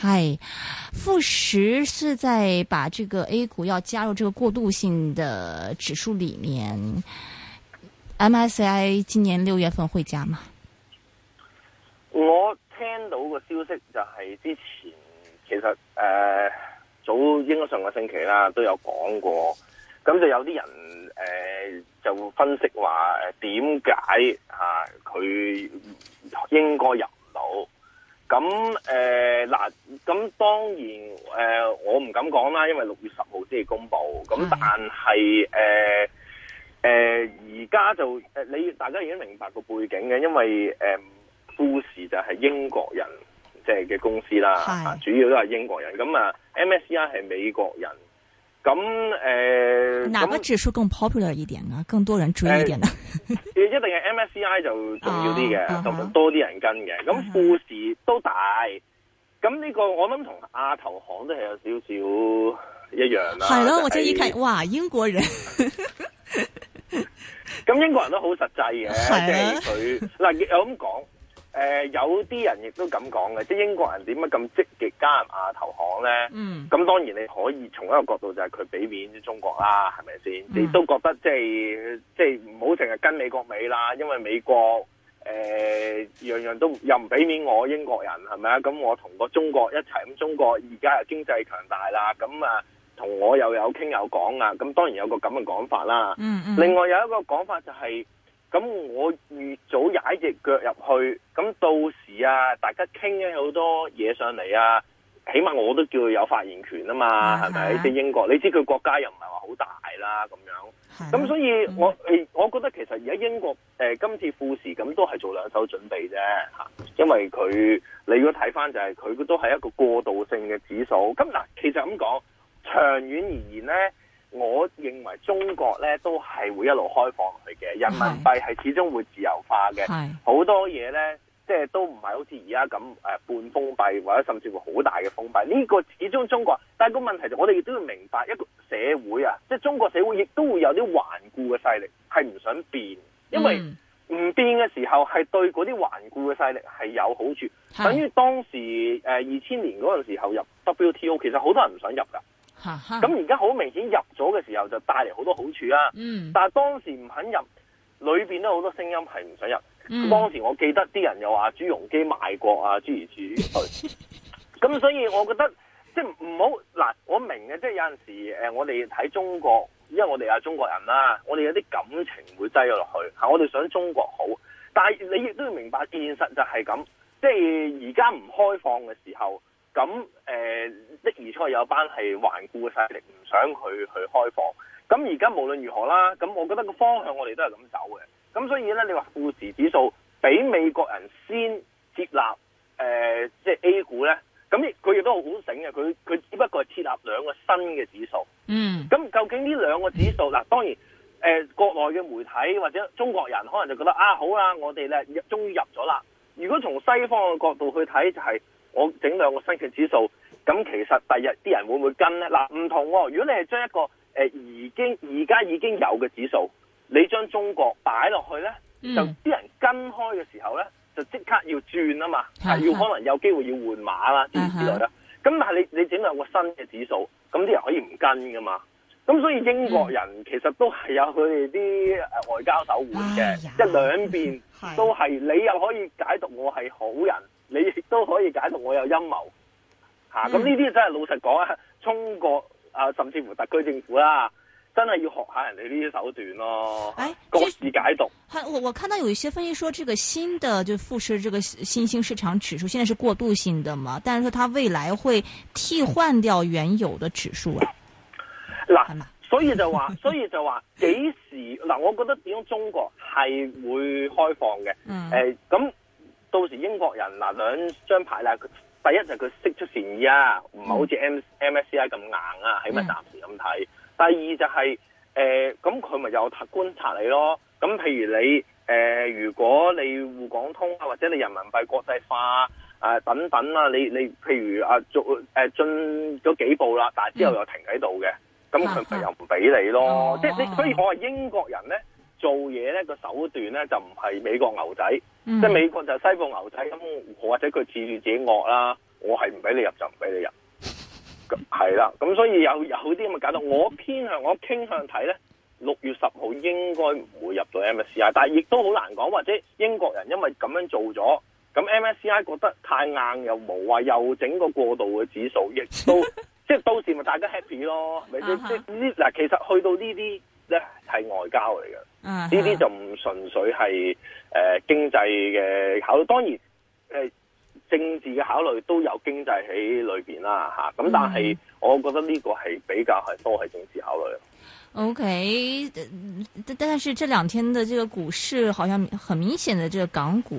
係，富時是在把這個 A 股要加入這個過渡性的指數裏面，MSCI 今年六月份會加嘛？我聽到個消息就係之前，其實誒、呃、早應該上個星期啦都有講過，咁就有啲人誒、呃、就分析話點解啊佢應該入唔到。咁誒嗱，咁、呃、當然誒、呃、我唔敢講啦，因為六月十號先至公布。咁但係誒誒，而家就誒、呃、你大家已經明白個背景嘅，因為誒富時就係英國人即係嘅公司啦，主要都係英國人。咁啊，MSCI 係美國人。咁誒，咁、呃，哪個指數更 popular 一點啊？更多人追一點啊、呃？一定係 MSCI 就重要啲嘅，咁、啊、多啲人跟嘅。咁、啊、富士都大，咁、啊、呢個我諗同亞投行都係有少少一樣啦。係咯，或者依家哇，英國人，咁 英國人都好實際嘅，即係佢嗱，我咁講。誒、呃，有啲人亦都咁講嘅，即係英國人點解咁積極加入亞投行咧？咁、嗯、當然你可以從一個角度就係佢俾面啲中國啦，係咪先？你都覺得即係即係唔好淨係跟美國尾啦，因為美國誒、呃、樣樣都又唔俾面我英國人，係咪啊？咁我同個中國一齊，咁中國而家又經濟強大啦，咁啊同我又有傾有講啊！咁當然有個咁嘅講法啦。嗯嗯。另外有一個講法就係、是。咁我越早踩隻腳入去，咁到時啊，大家傾咗好多嘢上嚟啊，起碼我都叫佢有發言權啊嘛，係咪、啊？即英國，你知佢國家又唔係話好大啦咁樣，咁、啊、所以我，我覺得其實而家英國誒、呃、今次富時咁都係做兩手準備啫嚇，因為佢你如果睇翻就係、是、佢都係一個過渡性嘅指數，咁嗱，其實咁講，長遠而言咧。我認為中國咧都係會一路開放落去嘅，人民幣係始終會自由化嘅，好多嘢咧即係都唔係好似而家咁誒半封閉，或者甚至乎好大嘅封閉。呢個始終中國，但係個問題就我哋亦都要明白一個社會啊，即係中國社會亦都會有啲頑固嘅勢力係唔想變，因為唔變嘅時候係對嗰啲頑固嘅勢力係有好處，等於當時誒二千年嗰陣時候入 WTO，其實好多人唔想入噶。咁而家好明顯入咗嘅時候就帶嚟好多好處啊！嗯、但係當時唔肯入裏邊都好多聲音係唔想入，嗯。當時我記得啲人又話朱鎔基賣國啊，諸如此類。咁 所以我覺得即係唔好嗱，我明嘅，即係有陣時誒，我哋睇中國，因為我哋係中國人啦，啊，我哋有啲感情會低咗落去，吓，我哋想中國好。但係你亦都要明白現實就係咁，即係而家唔開放嘅時候。咁誒即而初有一班係頑固勢力，唔想佢去開放。咁而家無論如何啦，咁我覺得個方向我哋都係咁走嘅。咁所以咧，你話富時指數比美國人先接納，誒即係 A 股咧，咁佢亦都好醒嘅。佢佢只不過係設立兩個新嘅指數。嗯。咁究竟呢兩個指數嗱，當然誒、呃、國內嘅媒體或者中國人可能就覺得啊好啦，我哋咧終於入咗啦。如果從西方嘅角度去睇、就係，就係。我整兩個新嘅指數，咁其實第日啲人會唔會跟咧？嗱，唔同、哦。如果你係將一個誒、呃、已經而家已經有嘅指數，你將中國擺落去咧、嗯，就啲人跟開嘅時候咧，就即刻要轉啊嘛，係、嗯啊、要可能有機會要換馬啦，之類啦。咁但係你你整兩個新嘅指數，咁啲人可以唔跟噶嘛？咁所以英國人其實都係有佢哋啲外交手腕嘅，即、哎、係、就是、兩邊都係你又可以解讀我係好人。你亦都可以解讀我有陰謀，吓，咁呢啲真係老實講啊，中國啊甚至乎特區政府啦，真係要學下人哋呢啲手段咯。哎，各自解讀。我我看到有一些分析說，這個新的就富士這個新興市場指數，現在是過渡性的嘛，但是說它未來會替換掉原有的指數啊。嗱、啊，所以就話，所以就話，幾 時嗱？我覺得點中國係會開放嘅。嗯。誒、欸，咁。到時英國人嗱兩張牌啦，第一就佢釋出善意啊，唔係好似 M MSCI 咁硬啊，起碼暫時咁睇、嗯。第二就係、是、誒，咁佢咪又察觀察你咯。咁譬如你誒、呃，如果你滬港通啊，或者你人民幣國際化啊、呃，等等啊，你你譬如啊做誒、啊、進咗幾步啦，但係之後又停喺度嘅，咁佢咪又唔俾你咯。哦、即係你，所以我話英國人咧做嘢咧個手段咧就唔係美國牛仔。嗯、即係美國就係西部牛仔咁，或者佢自住自己惡啦，我係唔俾你入就唔俾你入，係啦，咁所以有有啲咁嘅搞到，我偏向我傾向睇咧，六月十號應該唔會入到 MSCI，但係亦都好難講，或者英國人因為咁樣做咗，咁 MSCI 覺得太硬又冇話，又整個過渡嘅指數，亦都 即係到時咪大家 happy 咯，咪、uh -huh。即即呢嗱，其實去到呢啲。即係外交嚟嘅，呢、uh、啲 -huh. 就唔純粹係誒、呃、經濟嘅考慮，當然誒、呃、政治嘅考慮都有經濟喺裏邊啦，吓、啊、咁但係我覺得呢個係比較係多係政治考慮。OK，但但是這兩天的這個股市，好像很明顯的，這個港股。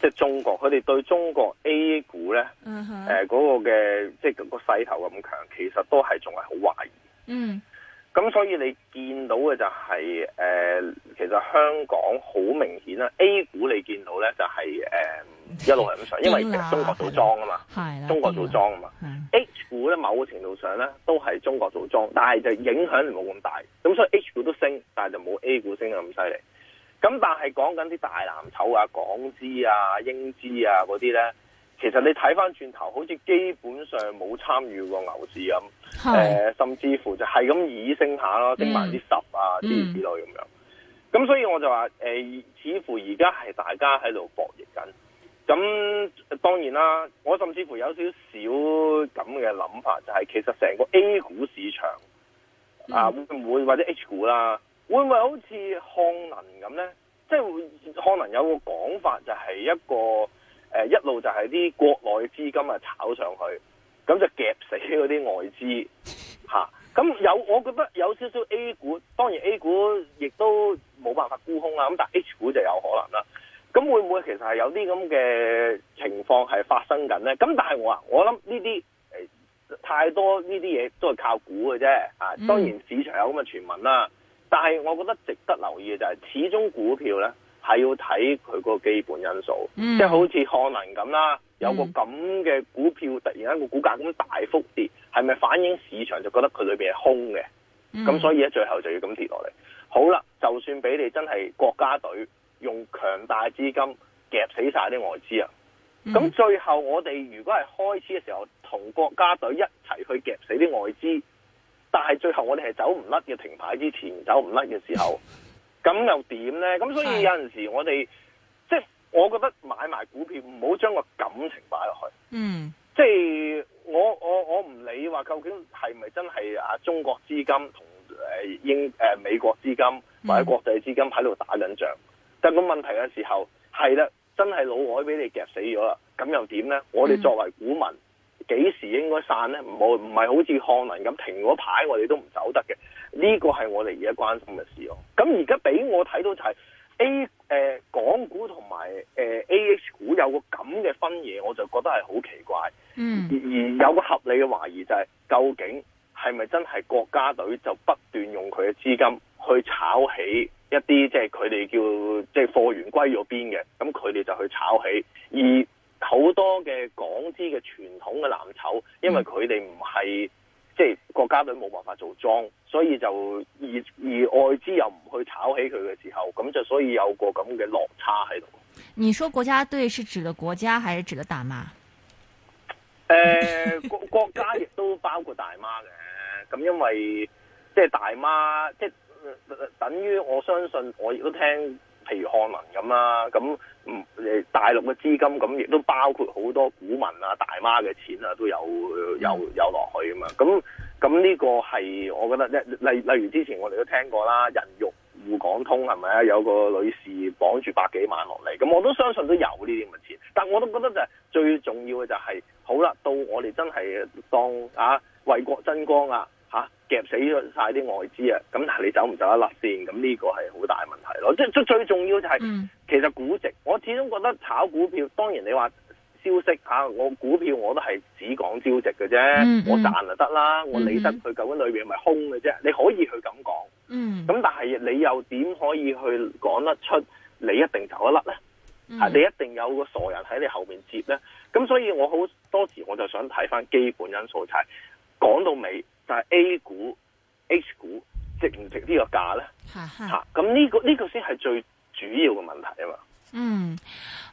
即係中國，佢哋對中國 A 股咧，誒嗰個嘅即係個勢頭咁強，其實都係仲係好懷疑。嗯，咁所以你見到嘅就係誒，其實香港好明顯啦。A 股你見到咧就係誒一路係咁上，因為中國做莊啊嘛。係啦，嗯，中國做莊啊嘛，嗯。H 股咧，某個程度上咧都係中國做莊，但係就影響力冇咁大。咁所以 H 股都升，但係就冇 A 股升得咁犀利。咁但係講緊啲大藍籌啊、港資啊、英資啊嗰啲咧，其實你睇翻轉頭，好似基本上冇參與過牛市咁，誒、呃，甚至乎就係咁以升下咯，升埋啲十啊，啲、嗯、之類咁樣。咁所以我就話，誒、呃，似乎而家係大家喺度博弈緊。咁當然啦，我甚至乎有少少咁嘅諗法，就是，就係其實成個 A 股市場、嗯、啊，會唔會或者 H 股啦？會唔會好似漢能咁呢？即係漢能有個講法就係一個誒、呃，一路就係啲國內資金啊炒上去，咁就夾死嗰啲外資吓。咁有，我覺得有少少 A 股，當然 A 股亦都冇辦法沽空啦。咁但係 H 股就有可能啦。咁會唔會其實係有啲咁嘅情況係發生緊呢？咁但係我啊，我諗呢啲誒太多呢啲嘢都係靠估嘅啫。啊，當然市場有咁嘅傳聞啦。嗯嗯嗯但係，我覺得值得留意嘅就係，始終股票呢係要睇佢嗰個基本因素，嗯、即係好似漢能咁啦，有個咁嘅股票，嗯、突然間個股價咁大幅跌，係咪反映市場就覺得佢裏邊係空嘅？咁，嗯、所以咧最後就要咁跌落嚟。好啦，就算俾你真係國家隊用強大資金夾死晒啲外資啊，咁，嗯、最後我哋如果係開始嘅時候同國家隊一齊去夾死啲外資。但係最後我哋係走唔甩嘅，停牌之前，走唔甩嘅時候，咁又點呢？咁所以有陣時我哋即係，我覺得買埋股票唔好將個感情擺落去。嗯，即係我我我唔理話究竟係咪真係啊中國資金同誒英誒美國資金、嗯、或者國際資金喺度打緊仗，但個問題嘅時候係啦，真係老海俾你夾死咗啦，咁又點呢？我哋作為股民。嗯幾時應該散呢？冇唔係好似漢能咁停牌，我哋都唔走得嘅。呢個係我哋而家關心嘅事咯。咁而家俾我睇到就係 A 誒、呃、港股同埋誒、呃、A H 股有個咁嘅分野，我就覺得係好奇怪。嗯，而有個合理嘅懷疑就係、是、究竟係咪真係國家隊就不斷用佢嘅資金去炒起一啲即係佢哋叫即係、就是、貨源歸咗邊嘅，咁佢哋就去炒起而。好多嘅港資嘅傳統嘅藍籌，因為佢哋唔係即係國家隊冇辦法做莊，所以就而而外資又唔去炒起佢嘅時候，咁就所以有個咁嘅落差喺度。你說國家隊是指嘅國家，還是指嘅大媽？誒、呃，國國家亦都包括大媽嘅，咁因為即係大媽，即係等於我相信，我亦都聽。譬如漢能咁啦，咁唔誒大陸嘅資金咁，亦都包括好多股民啊、大媽嘅錢啊，都有有有落去啊嘛。咁咁呢個係我覺得咧，例例如之前我哋都聽過啦，人肉滬港通係咪啊？有個女士綁住百幾萬落嚟。咁我都相信都有呢啲咁嘅錢，但我都覺得就係、是、最重要嘅就係、是，好啦，到我哋真係當啊為國爭光啊！吓夾死晒啲外資啊！咁你走唔走得甩先？咁呢個係好大問題咯。即係最最重要就係、嗯，其實估值，我始終覺得炒股票，當然你話消息吓、啊，我股票我都係只講招值嘅啫、嗯嗯，我賺就得啦。我理得佢、嗯、究竟裏邊係咪空嘅啫？你可以去咁講，咁、嗯、但係你又點可以去講得出你一定走得甩咧？係你一定有個傻人喺你後面接咧？咁所以我好多時我就想睇翻，基本因素就係，講到尾。但係 A 股、H 股值唔值呢個、 啊呢個價咧？吓，咁呢個呢個先係最主要嘅問題啊嘛。嗯。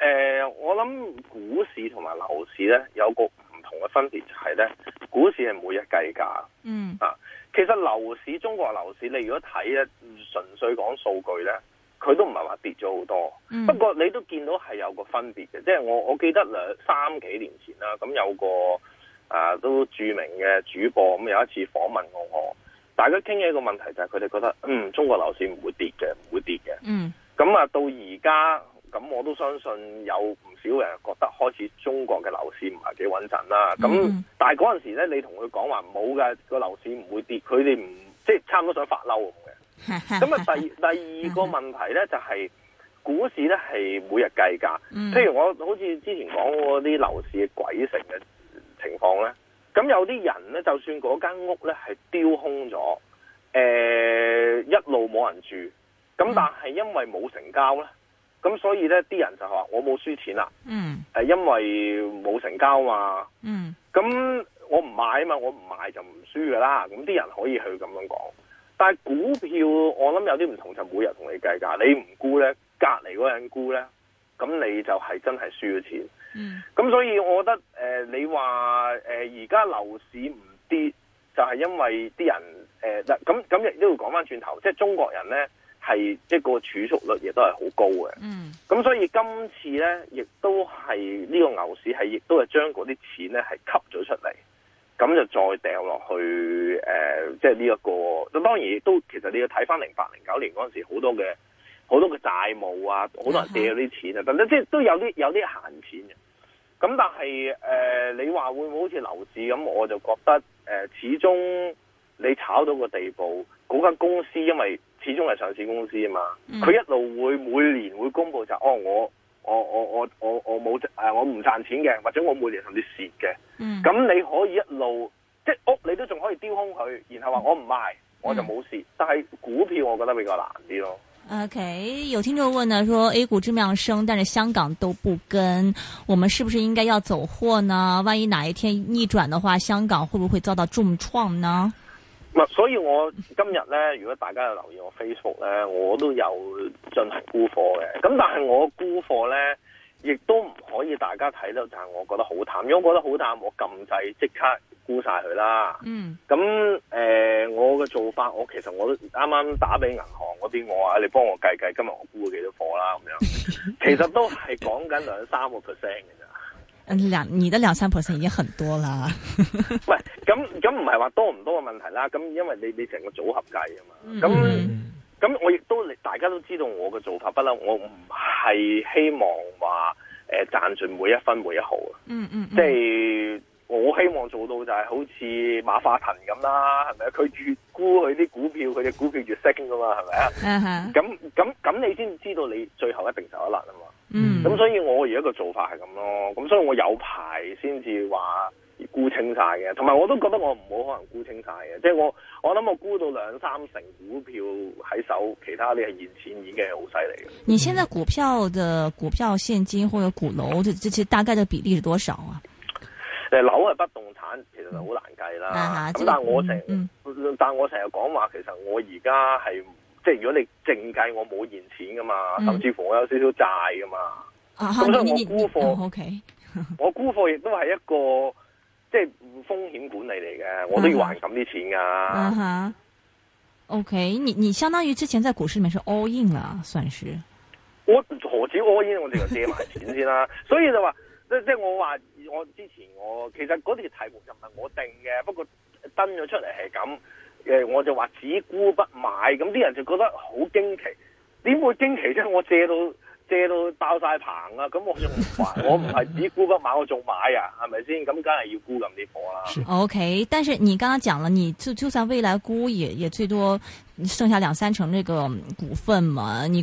誒、欸，我諗股市，和樓市同埋樓市咧有個唔同嘅分別就係、是、咧，股市係每日計價，嗯啊，其實樓市中國樓市，你如果睇咧純粹講數據咧，佢都唔係話跌咗好多、嗯，不過你都見到係有個分別嘅，即、就、係、是、我我記得兩三幾年前啦，咁有個啊都著名嘅主播，咁有一次訪問過我，大家傾嘅一個問題就係，佢哋覺得嗯中國樓市唔會跌嘅，唔會跌嘅，嗯，咁啊、嗯嗯、到而家。咁我都相信有唔少人覺得開始中國嘅樓市唔係幾穩陣啦。咁、嗯、但係嗰陣時咧，你同佢講話冇嘅，個樓市唔會跌，佢哋唔即係差唔多想發嬲咁嘅。咁 啊，第第二個問題咧就係股市咧係每日計價。譬、嗯、如我好似之前講過嗰啲樓市嘅鬼城嘅情況咧，咁有啲人咧，就算嗰間屋咧係丟空咗、呃，一路冇人住，咁但係因為冇成交咧。咁所以咧，啲人就話我冇輸錢啦。嗯，因為冇成交嘛。嗯，咁我唔買啊嘛，我唔買就唔輸噶啦。咁啲人可以去咁樣講，但係股票我諗有啲唔同，就每日同你計價。你唔沽咧，隔籬嗰人沽咧，咁你就係真係輸咗錢。嗯，咁所以我覺得誒、呃，你話誒而家樓市唔跌，就係、是、因為啲人誒嗱，咁咁亦都要講翻轉頭，即、就、係、是、中國人咧。係即係個儲蓄率亦都係好高嘅，咁、嗯、所以今次咧，亦都係呢、呢個牛市係亦都係將嗰啲錢咧係吸咗出嚟，咁就再掉落去誒，即係呢一個。咁當然亦都，其實你要睇翻零八、零九年嗰陣時，好多嘅好多嘅債務啊，好多人借咗啲錢啊，等、嗯、等，即係都有啲有啲閒錢嘅、啊。咁但係誒、呃，你話會唔會好似樓市咁？我就覺得誒、呃，始終你炒到個地步，嗰間公司因為。始終係上市公司啊嘛，佢、嗯、一路會每年會公布就哦，我我我我我我冇誒，我唔賺錢嘅，或者我每年同你蝕嘅，咁、嗯、你可以一路即屋，你都仲可以丟空佢，然後話我唔賣，我就冇蝕、嗯。但係股票我覺得比較難啲咯。OK，有聽眾問呢，說 A 股這麼樣升，但是香港都不跟，我們是不是應該要走貨呢？萬一哪一天逆轉的話，香港會不會遭到重創呢？所以我今日咧，如果大家有留意我 Facebook 咧，我都有進行沽貨嘅。咁但係我沽貨咧，亦都唔可以大家睇到，就係我覺得好淡。如果覺得好淡，我撳掣即刻沽曬佢啦。嗯。咁、呃、誒，我嘅做法，我其實我都啱啱打俾銀行嗰啲，我話你幫我計計今日我沽幾多貨啦，咁樣。其實都係講緊兩三個 percent 嘅咋。兩，你的兩三 percent 已經很多啦，喂，咁咁，唔係話多唔多嘅問題啦，咁因為你你成個組合計啊嘛，咁、嗯、咁、嗯、我亦都大家都知道我嘅做法，不嬲我唔係希望話誒賺盡每一分每一毫啊，嗯嗯，嗯、就是，即係。我希望做到就係好似馬化騰咁啦，係咪佢越沽佢啲股票，佢隻股票越升噶嘛，係咪啊？咁咁咁，你先知道你最後一定受得難啊嘛。嗯。咁所以，我而家個做法係咁咯。咁所以我有排先至話沽清晒嘅，同埋我都覺得我唔好可能沽清晒嘅。即係我我諗我沽到兩三成股票喺手，其他啲係現錢已經係好犀利嘅。你現在股票的股票、現金或者股樓，即這些大概的比例是多少啊？誒，樓係不動產，其實就好難計啦。咁、uh -huh, 但係我成，uh -huh. 但係我成日講話，其實我而家係，即係如果你淨計我冇現錢噶嘛，uh -huh. 甚至乎我有少少債噶嘛。咁、uh -huh, 所以我沽貨，uh -huh. 我沽貨亦都係一個即係、就是、風險管理嚟嘅，uh -huh. 我都要還咁啲錢噶、啊。Uh -huh. O、okay. K，你你相當於之前在股市裏面是 all in 啦，算是。我何止 all in，我仲要借埋錢先啦。 所以就話，即即係我話。我之前我其實嗰啲題目就唔係我定嘅，不過登咗出嚟係咁。誒，我就話只沽不買，咁啲人就覺得好驚奇。點會驚奇啫？我借到借到爆晒棚啊！咁我仲買，我唔係只沽不買，我仲買啊，係咪先？咁梗係要沽咁啲貨啦。OK，但是你剛剛講啦，你就就算未來沽，也也最多剩下兩三成呢個股份嘛，你。